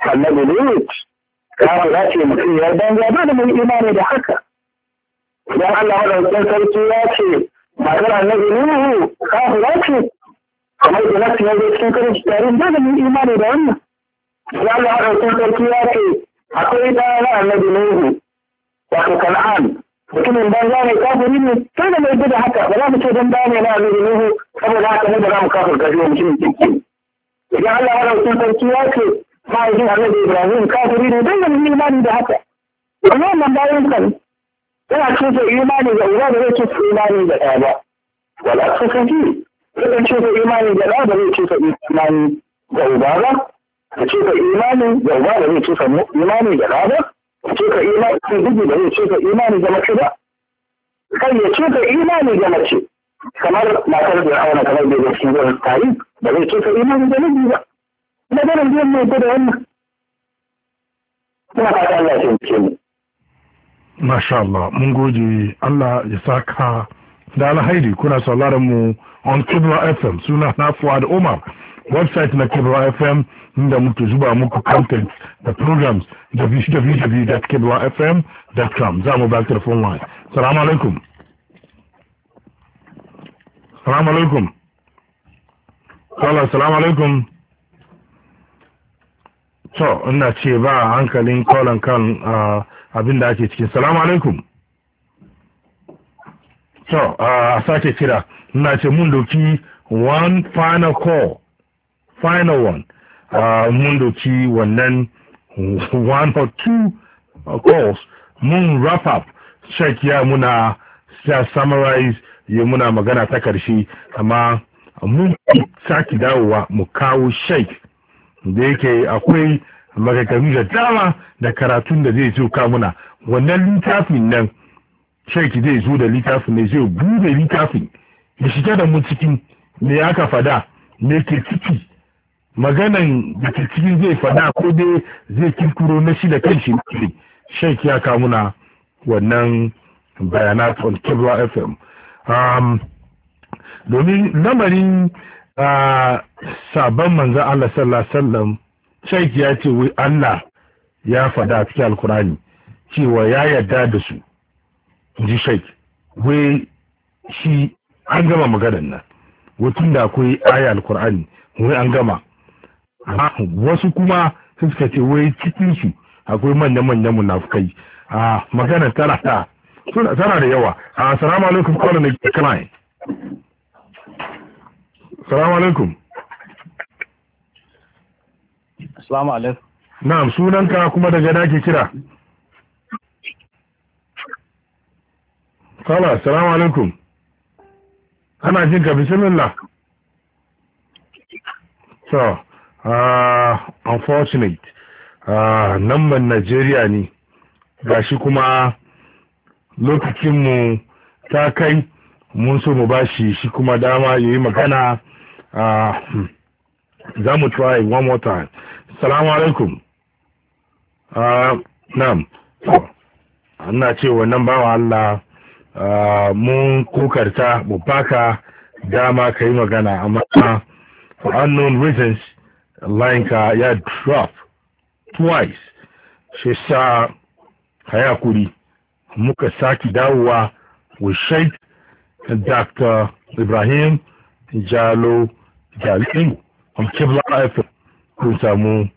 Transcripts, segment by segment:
annabi lut ya za ce mutum ya danga dole mu yi imani da haka idan Allah madaukakin sarki ya ce matar annabi nuhu kafira ce kamar da nasu yanzu cikin karin tarin dole mu yi imani da wannan idan Allah madaukakin sarki ya ce akwai ɗaya na annabi nuhu wato kan'an mutumin banza ne kafiri ne sai da mai da haka ba za mu ce dan bane na annabi nuhu saboda haka ne da za mu kafirta shi mutumin kirki idan Allah madaukakin sarki ya ce mahaifin annabi Ibrahim kafiri ne don yanzu imani da haka. Wani wannan bayan kan yana cuta imani ga uba da zai cuta imani ga ɗa ba. Wala su kaji yakan cuta imani ga ɗa da zai cuta imani ga uba ba. Ka cuta imani ga uba da zai cuta imani ga ɗa ba. Ka cuta imani dubu da zai cuta imani ga mace ba. Kai ya cuta imani ga mace. Kamar matar da auna kamar da ya ci zai tari da zai cuta imani ga namiji ba. maganar biyan mai da wannan kuma fata Allah ya ce mu Masha Allah, mun gode Allah ya saka da alhaidi kuna sauraron mu on Kibra FM suna na Fuad Omar website na Kibra FM inda muke zuba muku content da programs www.kibrafm.com za mu back telephone line. Salamu alaikum. Salamu alaikum. Salamu alaikum. to ina ce ba hankalin kolon kan abin da ake cikin salamu alaikum to a sake kira ina ce mun doki one final call final one mun doki wannan one or two uh, calls mun wrap up check ya muna summarize ya muna magana ta karshe amma mun sake dawowa mu kawo shake da yake akwai magagami da dama da karatun da zai zo kamuna wannan littafin nan shaiki zai zo da littafin ne zai bude littafin ya shiga da mun cikin me aka fada me ke ciki maganan da ke cikin zai fada ko dai zai kirkiro na shi da shi ne shaiki ya kamuna wannan bayanat on kebla fm domin lamarin a sabon manzan Allah sallallahu alaihi wasallam ya ce wai Allah ya fada a cikin alkurani cewa ya yarda da su ji shaik wai shi an gama maganar nan wutun da akwai aya alkur'ani wai an gama wasu kuma suka ce wai cikin su akwai manya-manyan munafukai a suna tana da yawa a salamu alaikum kwanan da client salamu alaikum salamu alaikum na'am sunanka kuma daga dake kira Kala salamu alaikum. Ana jin ka bismillah. So, uh, unfortunate, uh, namban Najeriya ne, gashi kuma lokacinmu ta kai mun so mu bashi shi kuma dama ya yi magana Ah, za mu try one more time salamu alaikum ah, nam ana ce wannan bawa Allah ah, mun kokarta mu baka dama ka yi magana amma for unknown reasons linka ya drop twice shi sa hayakuri muka saki dawowa with sheikh dr ibrahim jalo jami'in kibla fm kun samu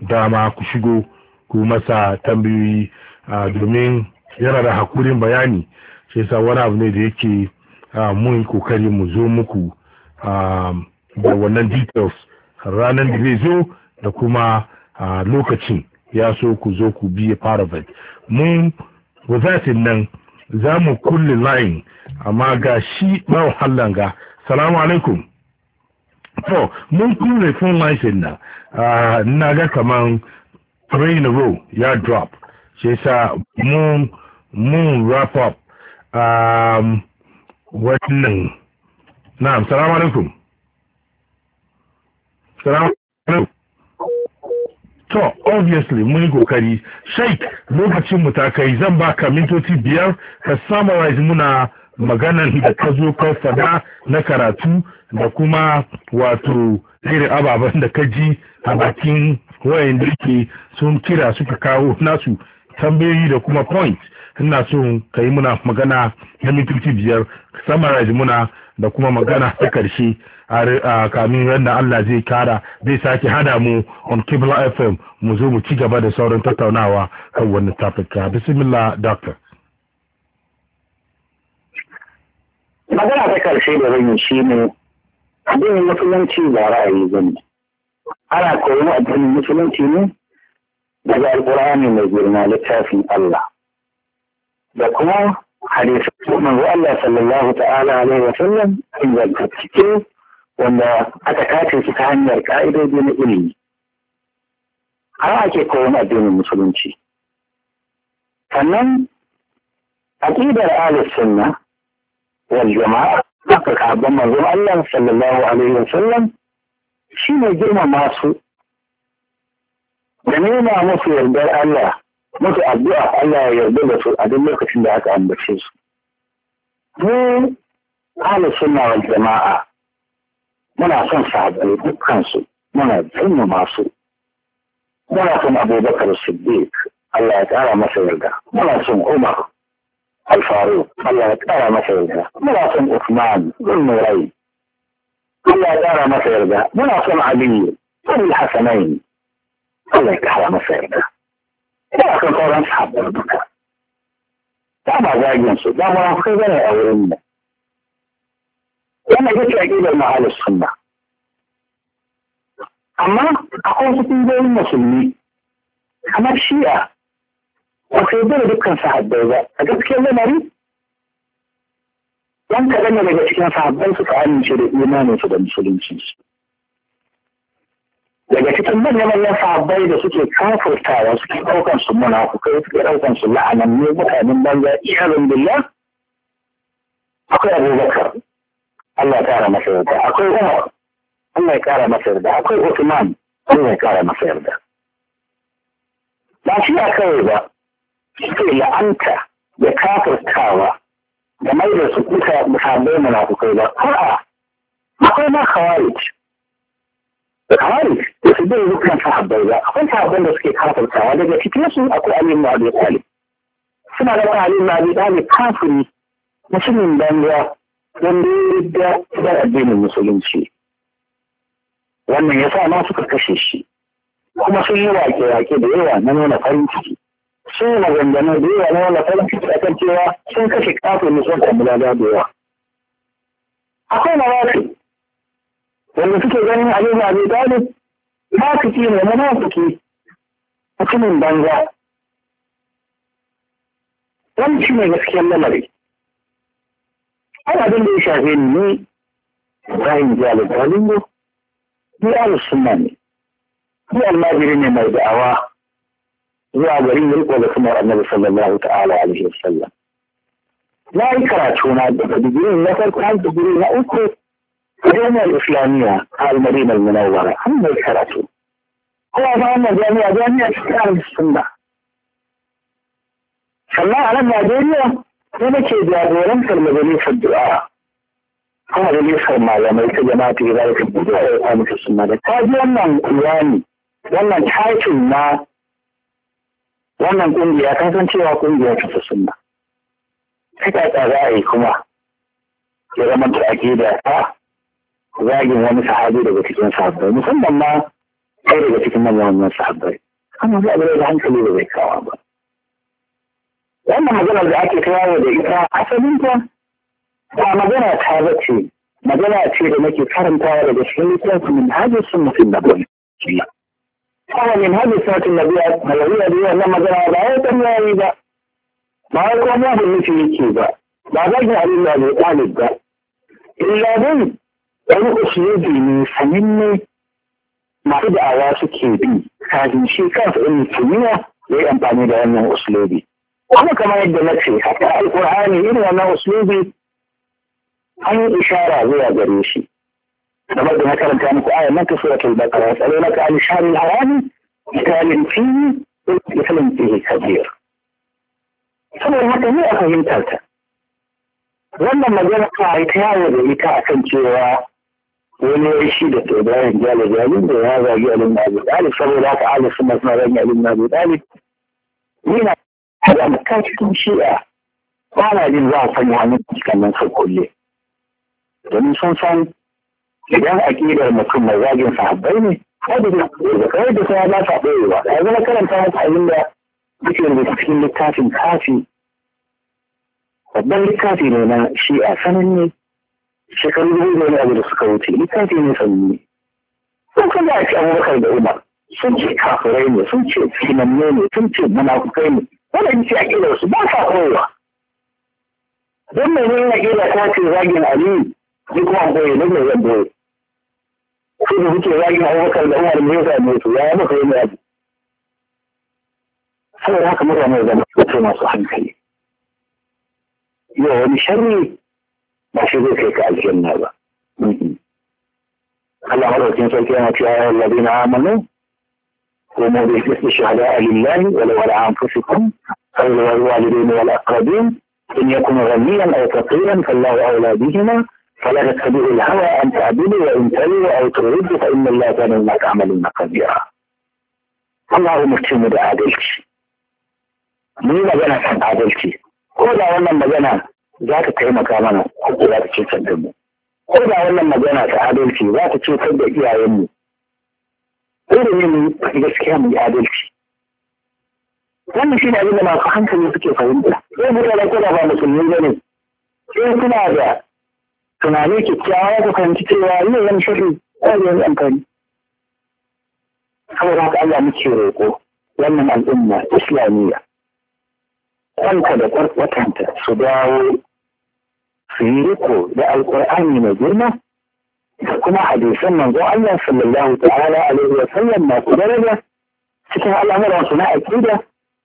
dama ku shigo ku masa tambayoyi domin yana da hakurin bayani shi yasa wani abu ne da yake mun kokari mu zo muku da wannan details ranar da zai zo da kuma lokacin ya so ku zo ku biya bai mun wazatin nan za mu kulle layin amma ga shi ba wahalan salamu alaikum to mun kure phone fun mashin na ah, na ga kaman three in a row ya drop shi sa mun mun wrap up um, wannan na'am salamu alaikum salamu alaikum to obviously muni kokari sheik lokacin mu ta kai zan baka mintoci biyar ka summarize muna maganan da ka zo ka faɗa na karatu da kuma wato irin ababen da ka ji a bakin wayan da ke sun kira suka kawo nasu tambayoyi da kuma point ina so ka yi muna magana na mintoci biyar summarize muna da kuma magana ta karshe a kamin yadda Allah zai kara zai sake hada mu on Kibla FM mu zo mu ci gaba da sauran tattaunawa kan wannan topic bismillah doctor magana ta karshe da zan yi shi ne abin musulunci ba ra'ayi zan ana koyon addinin musulunci ne daga alkur'ani mai girma littafin Allah da kuma hadisan manzo Allah sallallahu ta'ala alaihi wa sallam cikin wanda aka kace su ta hanyar ka'idoji na ilimi har ake koyon addinin musulunci sannan aqidar ahlus sunna والجماعة دقق عبد المنظر الله صلى الله عليه وسلم شين الجرمة ماسو من يوم ما مصر يردر الله مصر أبدا الله يردر في هذا الوقت اللي هكا عم بشيس مو أهل السنة والجماعة منا سن صعب أي مكانسو منا جرمة ماسو منا سن أبو بكر الصديق الله تعالى مصر يردر منا سن عمر الفاروق الله ترى ما سيرجع مناصم عثمان ذو النورين الله ترى ما سيرجع مناصم علي ذو الحسنين الله يكحل ما سيرجع لكن طبعا اصحاب بربك فما ذاك ينسوا ده منافقين بني أولين لما جيت لأجيب المعالي السنة أما أقول في المسلمين أما الشيعة aqiidada dadkan saaxiibooda dadkeena mari dan kadan daga cikin sahabban suka amince da imaninsu da musuluncinsu daga cikin manyan manyan sahabbai da suke kafurtawa suke ɗaukan su munafukai suke ɗaukan su la'anannu mutanen banza iyalin billah akwai abubakar Allah ya kara masa yarda akwai umar Allah ya kara masa yarda akwai Uthman Allah ya kara masa yarda ba shi a kawai ba ke la'anta da kafirtawa da mai da su kusa musabai munafukai ba a'a akwai ma khawarij khawarij da su bin ta sahabbai ba akwai sahabban da suke kafirtawa daga cikin su akwai alim ma abi kwali. suna da alim na abi talib kafiri musulmin banza wanda ya da addinin musulunci wannan ya sa ma suka kashe shi kuma sun yi wake-wake da yawa na nuna farin ciki sun maganganu da yawa na wani kan fito a kan cewa sun kashe kafin ne sun samu da yawa. Akwai mawaki wanda suke ganin abin da abin dalib mafiki ne munafiki mutumin banza. Wani shi ne gaskiyar lamari. Ana abin da ya shafe ni ne Ibrahim Jalil Galingo, ni Alusunna ne, ni almajiri ne mai da'awa ولكن يقولون ان صلى الله تعالى عليه وسلم لا يكرهون ان يكون هناك جميع الاسلاميه على المدينه المنوره هم يكرهون هو امام جميع جميع اسلام السنه صلى على المدينه هنا كيدعو ينصر مدينه الدعاء هو اللي يفهم ما يملك جماعته ذلك الدعاء وقامت السنه قال يمنع الاسلامي يمنع حاكم ما wannan kungiya kan san cewa kungiya ta su sunna kaka ta za a yi kuma ya zama da ake da ta zagin wani sahabi daga cikin sahabbai musamman ma kai daga cikin manyan sahabbai amma za a da hankali da bai kawa ba wannan maganar da ake kawo da ita asalin ta ba magana ta bace magana ce da nake karantawa daga cikin littafin min hajjar sun mutum da فهو من هذه صفة النبي صلى الله عليه وسلم جرى رأي تنوائي دا ما هو مهد من شيء كيبا ما رجع لله لطالب دا إلا من أن أخيدي من فنيني ما قد أعواس كيبي هذه شيء كاف أن فنينة لأنباني لأنه أسلوبي وأنا كما يدنك في حتى القرآن إلا أنه أسلوبي أن إشارة هو جريشي لقد ما كانت في آية ما في سورة البقرة يسألوا لك عن شهر الحرام قتال فيه قتال فيه كبير ثم ما كان يأخذ من ثالثة ولما ما جاء قاعد كان ذلك كان جوا ونرشيد إبراهيم جال جالين وهذا جال النابوت قال صلوا لك على سمة مريم جال النابوت قال لنا هل أنا كانت كم شيئا وانا لنظر فنها نتشكا من خلقه ليه ومن صنصان idan aƙidar mutum mai zagin sahabbai ne kada da kai da kuma ba ta ɗorewa a na karanta maka abin da yake rubuta cikin littafin kafi babban littafi ne na shi a sananne shekaru biyu ne abu da suka wuce littafi ne sananne sun kuma a ci abubakar da umar sun ce kafirai ne sun ce tsinanne ne sun ce munafukai ne wannan ce aƙidar su ba sa ɗorewa don mai nuna aƙidar ta ce zagin aliyu duk wanda ya nuna zan boye sai da suke zagin abubakar da umar ne ya ne su ya maka yi yaji saboda haka mutane da masu kai masu hankali yau wani sharri ba shi zai kai ka aljanna ba Allah madaukakin sarki yana cewa ya wallabi na amanu قوموا بإثم الشهداء لله ولو على أنفسكم أو الوالدين والأقربين إن يكن غنيا أو فقيرا فالله أولى بهما فلا تتبع الهوى أن تعدلوا وإن تلوا أو تردوا فإن الله كان بما تعملون خبيرا Allah mutum da adalci. Ni magana kan adalci. Ko da wannan magana za ta taimaka mana ko za ta cutar da mu. Ko da wannan magana ta adalci za ta cutar da iyayenmu. Ilimi mu gaskiya mu yi adalci. Wannan shi ne abin da masu hankali suke fahimta. Sai mutane ko ba musulmi ba ne. Sai suna da tunani kyakkyawa ka fahimci cewa yin wani shirin tsari wani amfani saboda haka Allah muke roƙo wannan al'umma islamiyya kwanka da kwarkwatanta su dawo su yi riko da alƙur'ani mai girma da kuma hadisan manzo Allah sallallahu ta'ala alaihi wa sallam masu daraja cikin al'amuran su na aqida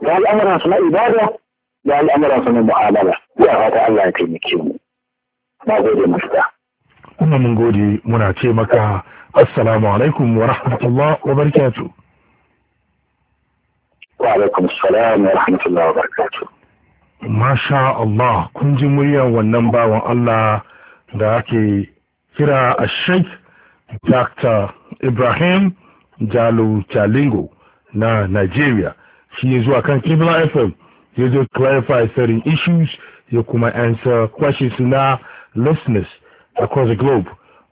da al'amuran su na ibada da al'amuran su na mu'amala ya fata Allah ya taimake mu na gode masta kuma mun gode muna ce maka assalamu alaikum wa rahmatullah wa barakatuh wa alaikum assalam wa rahmatullah wa barakatuh masha Allah kun ji muryar wannan bawan Allah da ake kira a Sheikh Dr. Ibrahim Jalo Jalingo na Nigeria shi ya zuwa kan Kibla FM ya zo clarify certain issues ya kuma answer questions na listeners across the globe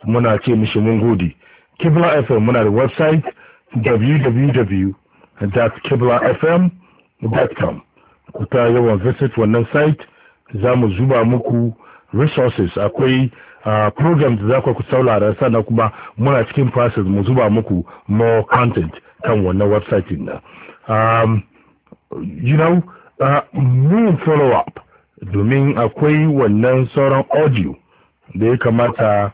muna ce mishi mun gode kibla fm muna da website www.kiblafm.com ku ta yawan visit wannan site za mu zuba muku resources akwai uh, da za ku saulara sannan kuma muna cikin process mu zuba muku more content kan wannan website na um, you know uh, follow up domin akwai wannan sauran audio da ya kamata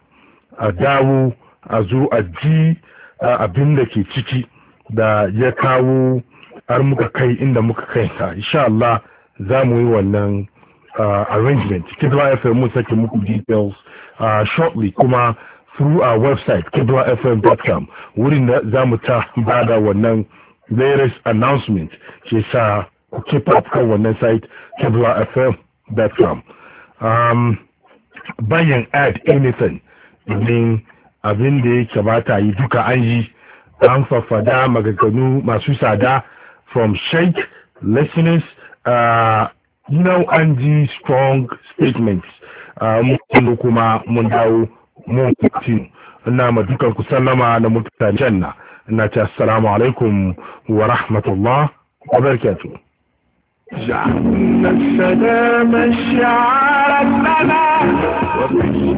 a dawo a zo a ji abin da ke ciki da ya kawo har muka kai inda muka kai ta insha Allah za mu yi wannan arrangement kidwa fm mun sake muku details uh, shortly kuma through our website kidwafm.com wurin da za mu ta bada wannan latest announcement ke sa ku keep kan wannan site kidwa fm com um, bayan add anything domin abin da yake ba ta yi duka an yi an fafada magaganu masu sada from shake listeners uh, you know an ji strong statements uh, mun kuma mun dawo mun continue ina ma dukan ku sallama na mutane janna ina ce assalamu alaikum wa rahmatullah wa barakatuh جعلنا السلام الشعار لنا